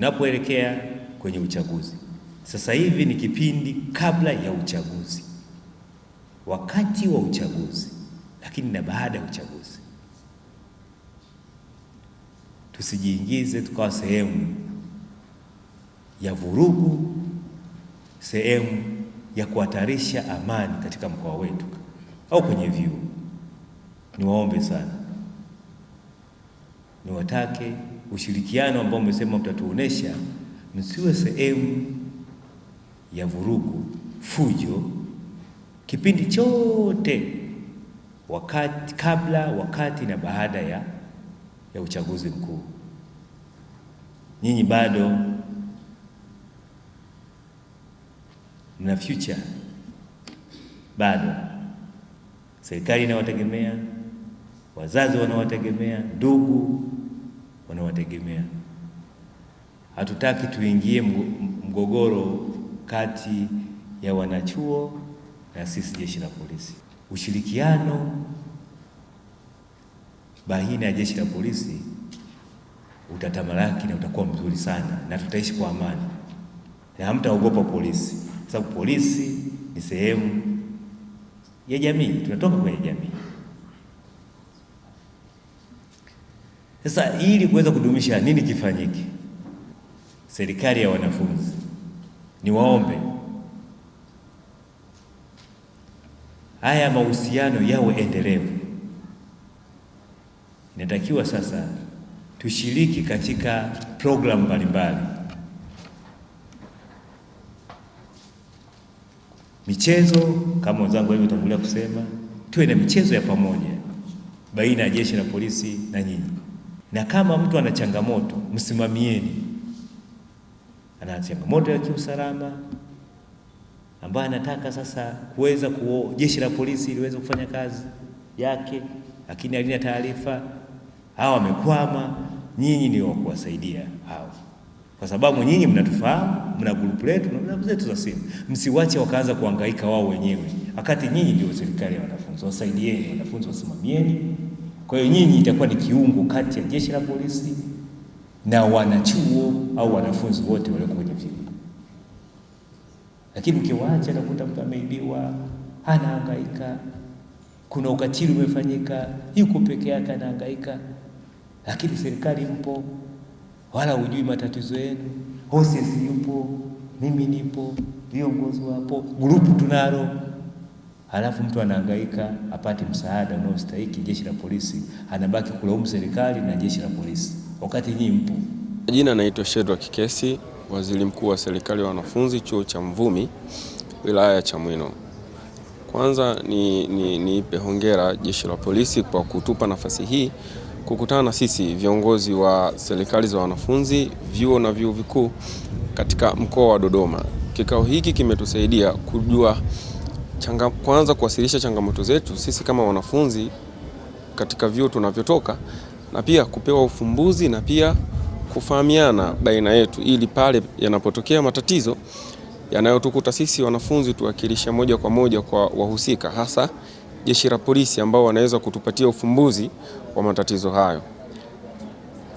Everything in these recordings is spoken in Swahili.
tunapoelekea kwenye uchaguzi. Sasa hivi ni kipindi kabla ya uchaguzi, wakati wa uchaguzi, lakini na baada ya uchaguzi. Tusijiingize tukawa sehemu ya vurugu, sehemu ya kuhatarisha amani katika mkoa wetu au kwenye vyuo. Niwaombe sana, niwatake ushirikiano ambao mmesema mtatuonesha, msiwe sehemu ya vurugu, fujo kipindi chote wakati, kabla, wakati na baada ya, ya uchaguzi mkuu. Nyinyi bado mna future, bado serikali inawategemea, wazazi wanawategemea, ndugu wanaowategemea. Hatutaki tuingie mgogoro kati ya wanachuo na sisi jeshi la polisi. Ushirikiano baina ya jeshi la polisi utatamalaki na utakuwa mzuri sana, na tutaishi kwa amani na hamtaogopa polisi, sababu polisi ni sehemu ya jamii, tunatoka kwenye jamii. Sasa ili kuweza kudumisha nini kifanyike? Serikali ya wanafunzi, niwaombe haya mahusiano yawe endelevu. Inatakiwa sasa tushiriki katika programu mbalimbali, michezo kama wenzangu walivyotangulia kusema, tuwe na michezo ya pamoja baina ya jeshi la polisi na nyinyi. Na kama mtu ana changamoto msimamieni, ana changamoto ya kiusalama ambaye anataka sasa kuweza kuo jeshi la polisi liweze kufanya kazi yake, lakini alina taarifa hawa wamekwama, nyinyi ni wa kuwasaidia hao, kwa sababu nyinyi mnatufahamu, mna grupu letu na mna zetu za simu. Msiwache wakaanza kuhangaika wao wenyewe, wakati nyinyi ndio serikali ya wanafunzi. Wasaidieni wanafunzi, wasimamieni kwa hiyo nyinyi itakuwa ni kiungo kati ya jeshi la polisi na wanachuo au wanafunzi wote walioko kwenye vyuo. Lakini ukiwaacha nakuta mtu ameibiwa, anahangaika, kuna ukatili umefanyika, yuko peke yake anahangaika, lakini serikali mpo, wala hujui matatizo yenu, hosesi yupo, mimi nipo, viongozi wapo, grupu tunalo halafu mtu anahangaika apate msaada unaostahiki jeshi la polisi, anabaki kulaumu serikali na jeshi la polisi wakati nyinyi mpo. Jina naitwa Shedwa Kikesi, waziri mkuu wa serikali ya wanafunzi, chuo cha Mvumi, wilaya ya Chamwino. Kwanza ni, ni, niipe hongera jeshi la polisi kwa kutupa nafasi hii kukutana na sisi viongozi wa serikali za wanafunzi vyuo na vyuo vikuu katika mkoa wa Dodoma. Kikao hiki kimetusaidia kujua changa, kwanza kuwasilisha changamoto zetu sisi kama wanafunzi katika vyuo tunavyotoka na pia kupewa ufumbuzi na pia kufahamiana baina yetu ili pale yanapotokea matatizo yanayotukuta sisi wanafunzi tuwakilisha moja kwa moja kwa wahusika hasa jeshi la polisi ambao wanaweza kutupatia ufumbuzi wa matatizo hayo.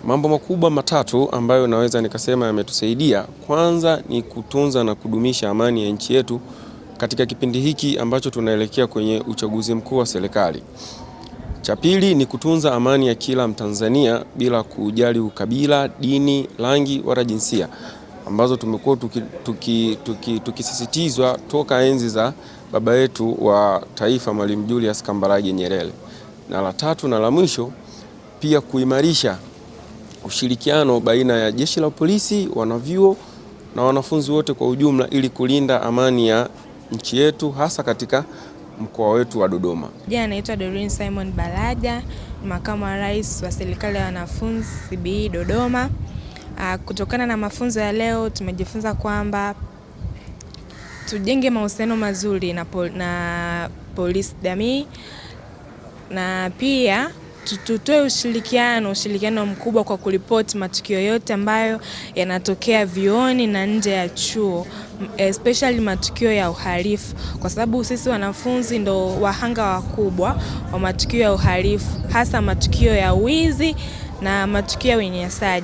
Mambo makubwa matatu ambayo naweza nikasema yametusaidia, kwanza ni kutunza na kudumisha amani ya nchi yetu katika kipindi hiki ambacho tunaelekea kwenye uchaguzi mkuu wa serikali. Cha pili ni kutunza amani ya kila Mtanzania bila kujali ukabila, dini, rangi wala jinsia ambazo tumekuwa tukisisitizwa tuki, tuki, tuki toka enzi za baba yetu wa taifa Mwalimu Julius Kambarage Nyerere. Na la tatu na la mwisho pia kuimarisha ushirikiano baina ya jeshi la polisi, wanavyuo na wanafunzi wote kwa ujumla ili kulinda amani ya nchi yetu hasa katika mkoa wetu wa Dodoma. Jina anaitwa Doreen Simon Balaja, makamu wa rais wa serikali ya wanafunzi CBE Dodoma. Ah, kutokana na mafunzo ya leo tumejifunza kwamba tujenge mahusiano mazuri na, pol na polisi jamii na pia tutoe ushirikiano, ushirikiano mkubwa kwa kuripoti matukio yote ambayo yanatokea vioni na nje ya chuo, especially matukio ya uhalifu, kwa sababu sisi wanafunzi ndo wahanga wakubwa wa matukio ya uhalifu, hasa matukio ya wizi na matukio ya unyanyasaji.